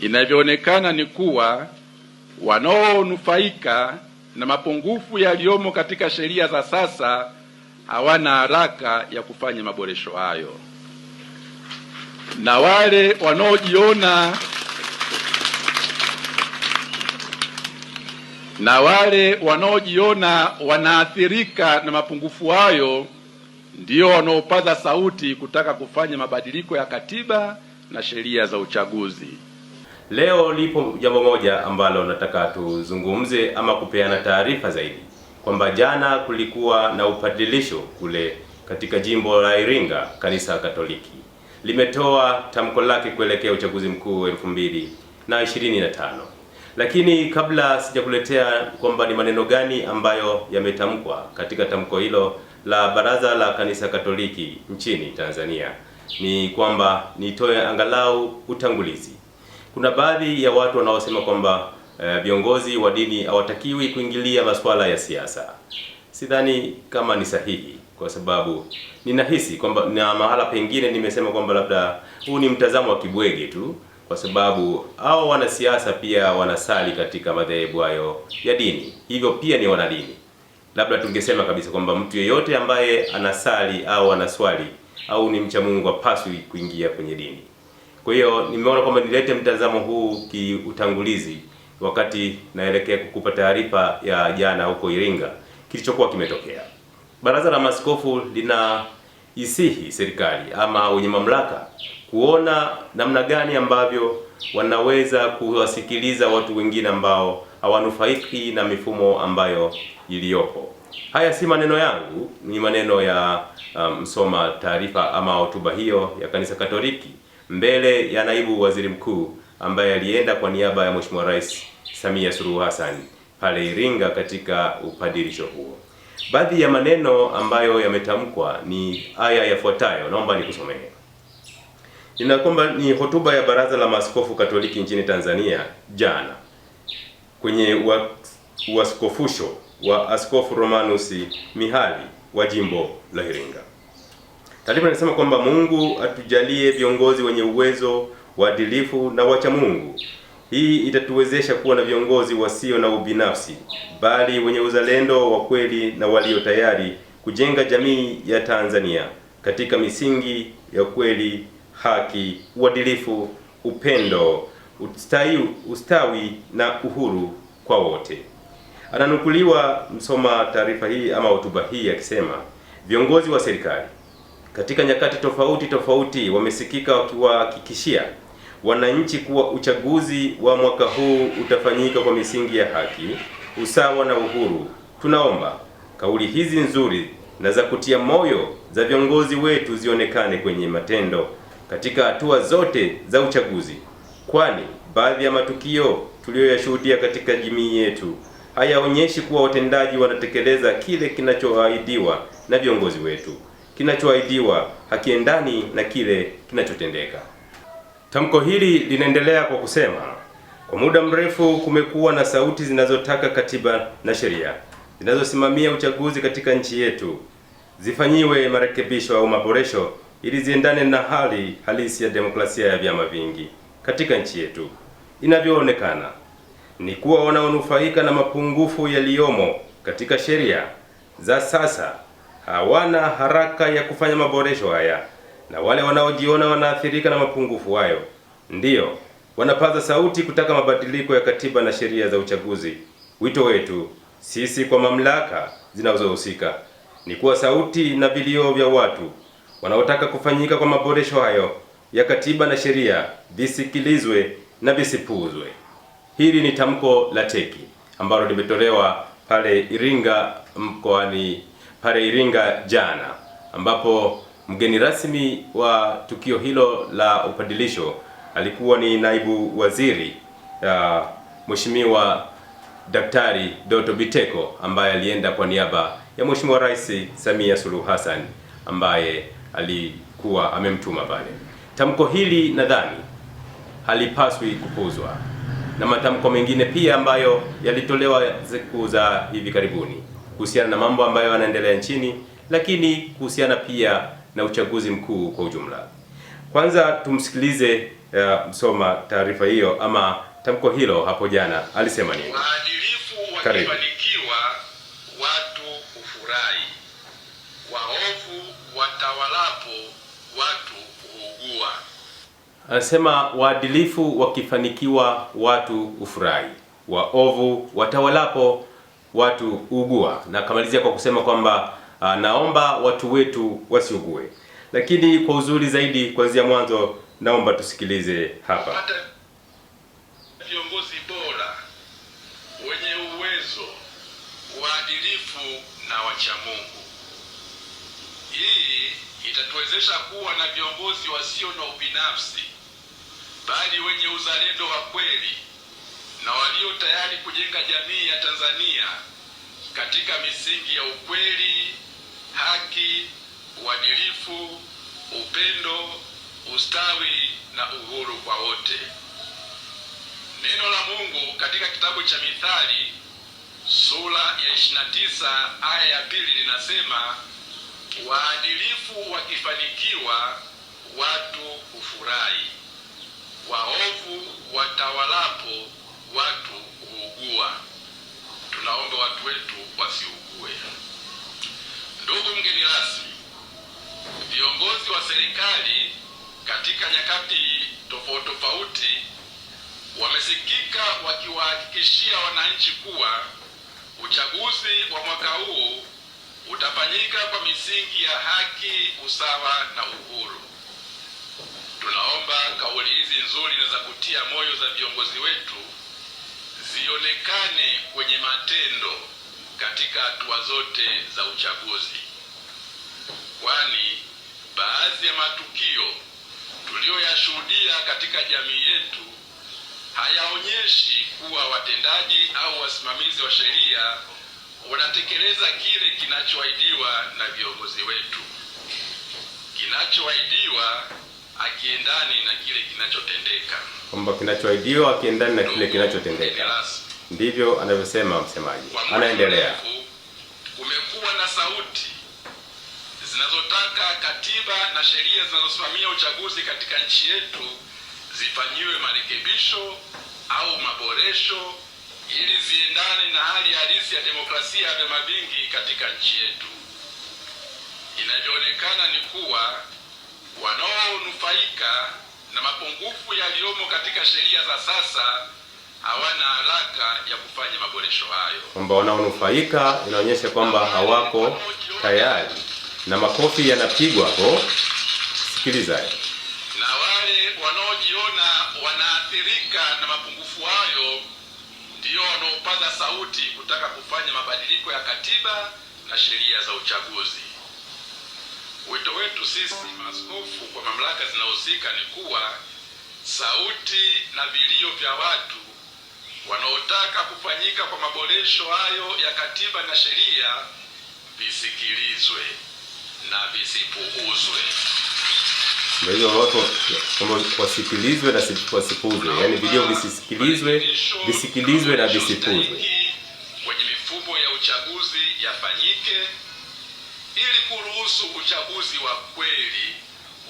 Inavyoonekana ni kuwa wanaonufaika na mapungufu yaliyomo katika sheria za sasa hawana haraka ya kufanya maboresho hayo, na wale wanaojiona na wale wanaojiona wanaathirika na mapungufu hayo ndio wanaopaza sauti kutaka kufanya mabadiliko ya katiba na sheria za uchaguzi. Leo lipo jambo moja ambalo nataka tuzungumze ama kupeana taarifa zaidi kwamba jana kulikuwa na upadilisho kule katika jimbo la Iringa. Kanisa Katoliki limetoa tamko lake kuelekea uchaguzi mkuu elfu mbili na ishirini na tano, lakini kabla sijakuletea kwamba ni maneno gani ambayo yametamkwa katika tamko hilo la Baraza la Kanisa Katoliki nchini Tanzania, ni kwamba nitoe angalau utangulizi kuna baadhi ya watu wanaosema kwamba eh, viongozi uh, wa dini hawatakiwi kuingilia masuala ya siasa. Sidhani kama ni sahihi, kwa sababu ninahisi kwamba na mahala pengine nimesema kwamba labda huu ni mtazamo wa kibwege tu, kwa sababu hao wanasiasa pia wanasali katika madhehebu hayo ya dini, hivyo pia ni wanadini. Labda tungesema kabisa kwamba mtu yeyote ambaye anasali au anaswali au ni mcha Mungu hapaswi kuingia kwenye dini. Kwa hiyo nimeona kwamba nilete mtazamo huu kiutangulizi, wakati naelekea kukupa taarifa ya jana huko Iringa kilichokuwa kimetokea. Baraza la Maaskofu lina isihi serikali ama wenye mamlaka kuona namna gani ambavyo wanaweza kuwasikiliza watu wengine ambao hawanufaiki na mifumo ambayo iliyopo. Haya si maneno yangu, ni maneno ya um, msoma um, taarifa ama hotuba hiyo ya Kanisa Katoliki mbele ya naibu waziri mkuu ambaye alienda kwa niaba ya Mheshimiwa Rais Samia Suluhu Hassan pale Iringa katika upadirisho huo. Baadhi ya maneno ambayo yametamkwa ni haya yafuatayo, naomba nikusomee. Ninakomba ni hotuba ya Baraza la Maaskofu Katoliki nchini Tanzania jana kwenye uaskofusho wa Askofu Romanus Mihali wa jimbo la Iringa. Taarifa inasema kwamba Mungu atujalie viongozi wenye uwezo, waadilifu na wacha Mungu. Hii itatuwezesha kuwa na viongozi wasio na ubinafsi, bali wenye uzalendo wa kweli na walio tayari kujenga jamii ya Tanzania katika misingi ya kweli, haki, uadilifu, upendo, ustawi, ustawi na uhuru kwa wote. Ananukuliwa msoma taarifa hii ama hotuba hii akisema, viongozi wa serikali katika nyakati tofauti tofauti wamesikika wakiwahakikishia wananchi kuwa uchaguzi wa mwaka huu utafanyika kwa misingi ya haki, usawa na uhuru. Tunaomba kauli hizi nzuri na za kutia moyo za viongozi wetu zionekane kwenye matendo katika hatua zote za uchaguzi, kwani baadhi ya matukio tuliyoyashuhudia katika jamii yetu hayaonyeshi kuwa watendaji wanatekeleza kile kinachoahidiwa na viongozi wetu kinachoahidiwa hakiendani na kile kinachotendeka. Tamko hili linaendelea kwa kusema, kwa muda mrefu kumekuwa na sauti zinazotaka katiba na sheria zinazosimamia uchaguzi katika nchi yetu zifanyiwe marekebisho au maboresho ili ziendane na hali halisi ya demokrasia ya vyama vingi katika nchi yetu. Inavyoonekana ni kuwa wanaonufaika na mapungufu yaliyomo katika sheria za sasa hawana haraka ya kufanya maboresho haya, na wale wanaojiona wanaathirika na mapungufu hayo ndiyo wanapaza sauti kutaka mabadiliko ya katiba na sheria za uchaguzi. Wito wetu sisi kwa mamlaka zinazohusika ni kuwa sauti na vilio vya watu wanaotaka kufanyika kwa maboresho hayo ya katiba na sheria visikilizwe na visipuuzwe. Hili ni tamko la teki ambalo limetolewa pale Iringa mkoani pale Iringa jana, ambapo mgeni rasmi wa tukio hilo la upadilisho alikuwa ni naibu waziri uh, Mheshimiwa Daktari Doto Biteko ambaye alienda kwa niaba ya Mheshimiwa Rais Samia Suluhu Hassan ambaye alikuwa amemtuma pale. Tamko hili nadhani halipaswi kupuuzwa na matamko mengine pia ambayo yalitolewa siku za hivi karibuni kuhusiana na mambo ambayo yanaendelea nchini, lakini kuhusiana pia na uchaguzi mkuu kwa ujumla. Kwanza tumsikilize uh, msoma taarifa hiyo ama tamko hilo hapo jana alisema nini? Waadilifu wakifanikiwa watu hufurahi, waovu watawalapo watu huugua. Anasema waadilifu wakifanikiwa watu hufurahi, waovu watawalapo watu ugua, na kamalizia kwa kusema kwamba ah, naomba watu wetu wasiugue. Lakini kwa uzuri zaidi, kuanzia mwanzo, naomba tusikilize hapa. viongozi bora wenye uwezo, waadilifu na wachamungu, hii itatuwezesha kuwa na viongozi wasio na ubinafsi, bali wenye uzalendo wa kweli na walio tayari kujenga jamii ya Tanzania katika misingi ya ukweli, haki, uadilifu, upendo, ustawi na uhuru kwa wote. Neno la Mungu katika kitabu cha Mithali sura ya 29 aya ya pili linasema, waadilifu wakifanikiwa watu hufurahi, waovu watawalapo watu huugua, tunaomba watu wetu wasiugue. Ndugu mgeni rasmi, viongozi wa serikali katika nyakati tofauti tofauti wamesikika wakiwahakikishia wananchi kuwa uchaguzi wa mwaka huu utafanyika kwa misingi ya haki, usawa na uhuru. Tunaomba kauli hizi nzuri na za kutia moyo za viongozi wetu zionekane kwenye matendo katika hatua zote za uchaguzi, kwani baadhi ya matukio tuliyoyashuhudia katika jamii yetu hayaonyeshi kuwa watendaji au wasimamizi wa sheria wanatekeleza kile kinachoahidiwa na viongozi wetu. Kinachoahidiwa akiendani na kile kinachotendeka, kwamba kinachoahidiwa akiendani na kile kinachotendeka. Ndivyo anavyosema msemaji. Anaendelea, kumekuwa na sauti zinazotaka katiba na sheria zinazosimamia uchaguzi katika nchi yetu zifanyiwe marekebisho au maboresho ili ziendane na hali halisi ya demokrasia ya vyama vingi katika nchi yetu. Inavyoonekana ni kuwa wanaonufaika na mapungufu yaliyomo katika sheria za sasa hawana haraka ya kufanya maboresho hayo. Kwamba wanaonufaika inaonyesha kwamba hawako tayari, na makofi yanapigwa hapo. Sikiliza, na wale wanaojiona wanaathirika na mapungufu hayo ndio wanaopaza sauti kutaka kufanya mabadiliko ya katiba na sheria za uchaguzi. Wito wetu sisi maaskofu kwa mamlaka zinahusika ni kuwa sauti na vilio vya watu wanaotaka kufanyika kwa maboresho hayo ya katiba na sheria visikilizwe na visipuuzwe. Kwa hiyo watu wasikilizwe na wasipuuzwe, yani vilio visisikilizwe, visikilizwe na visipuuzwe. Kwenye mifumo ya uchaguzi yafanyike ili kuruhusu uchaguzi wa kweli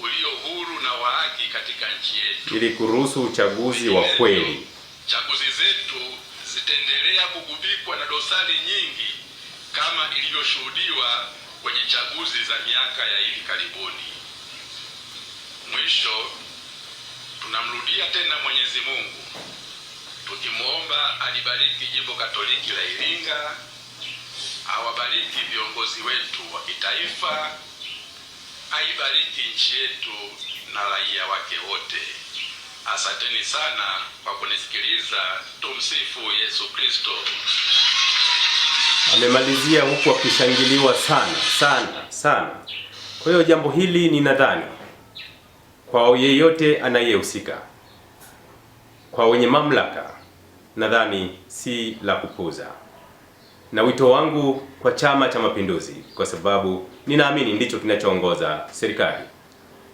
ulio huru na wa haki katika nchi yetu. Ili kuruhusu uchaguzi wa kweli. Chaguzi zetu zitaendelea kugubikwa na dosari nyingi kama ilivyoshuhudiwa kwenye chaguzi za miaka ya hivi karibuni. Mwisho, tunamrudia tena Mwenyezi Mungu tukimwomba alibariki jimbo Katoliki la Iringa awabariki viongozi wetu wa kitaifa, aibariki nchi yetu na raia wake wote. Asanteni sana kwa kunisikiliza. Tumsifu Yesu Kristo. Amemalizia huku akishangiliwa sana sana sana. Kwa hiyo jambo hili ni nadhani kwa yeyote anayehusika, kwa wenye mamlaka, nadhani si la kupuuza na wito wangu kwa Chama cha Mapinduzi, kwa sababu ninaamini ndicho kinachoongoza serikali,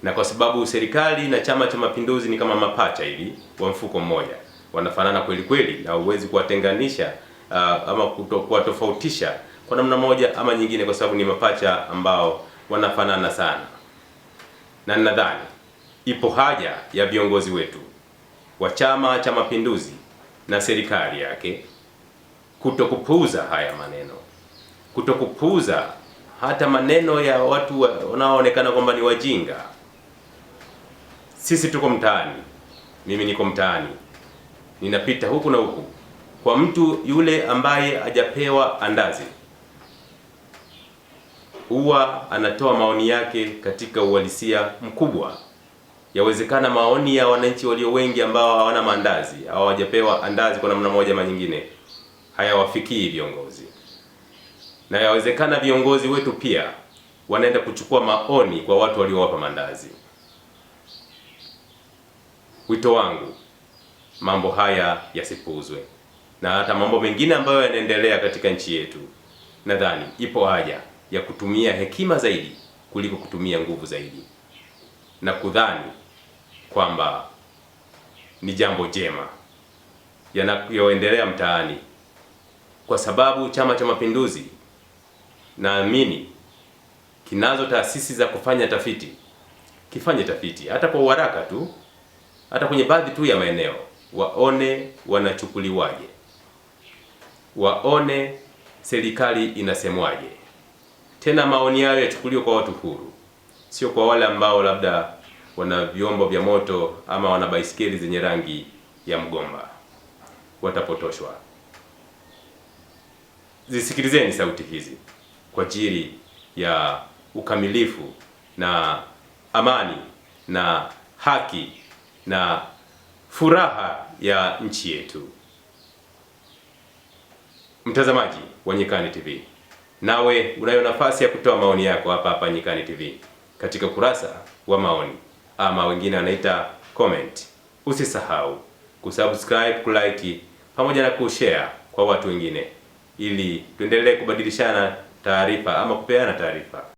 na kwa sababu serikali na Chama cha Mapinduzi ni kama mapacha hivi wa mfuko mmoja, wanafanana kweli kweli, na huwezi kuwatenganisha uh, ama kuwatofautisha kwa namna moja ama nyingine, kwa sababu ni mapacha ambao wanafanana sana, na nadhani ipo haja ya viongozi wetu wa Chama cha Mapinduzi na serikali yake kutokupuuza haya maneno, kutokupuuza hata maneno ya watu wanaoonekana kwamba ni wajinga. Sisi tuko mtaani, mimi niko mtaani, ninapita huku na huku. Kwa mtu yule ambaye hajapewa andazi, huwa anatoa maoni yake katika uhalisia mkubwa. Yawezekana maoni ya wananchi walio wengi ambao hawana maandazi au hawajapewa andazi kwa namna moja ama nyingine hayawafikii viongozi, na yawezekana viongozi wetu pia wanaenda kuchukua maoni kwa watu waliowapa mandazi. Wito wangu mambo haya yasipuuzwe, na hata mambo mengine ambayo yanaendelea katika nchi yetu, nadhani ipo haja ya kutumia hekima zaidi kuliko kutumia nguvu zaidi na kudhani kwamba ni jambo jema yanayoendelea mtaani kwa sababu Chama cha Mapinduzi naamini kinazo taasisi za kufanya tafiti, kifanye tafiti hata kwa uharaka tu, hata kwenye baadhi tu ya maeneo, waone wanachukuliwaje, waone serikali inasemwaje. Tena maoni yao yachukuliwe kwa watu huru, sio kwa wale ambao labda wana vyombo vya moto ama wana baisikeli zenye rangi ya mgomba, watapotoshwa zisikilizeni sauti hizi kwa ajili ya ukamilifu na amani na haki na furaha ya nchi yetu. Mtazamaji wa Nyikani TV, nawe unayo nafasi ya kutoa maoni yako hapa hapa Nyikani TV katika kurasa wa maoni ama wengine wanaita comment. Usisahau kusubscribe, kulike pamoja na kushare kwa watu wengine ili tuendelee kubadilishana taarifa ama kupeana taarifa.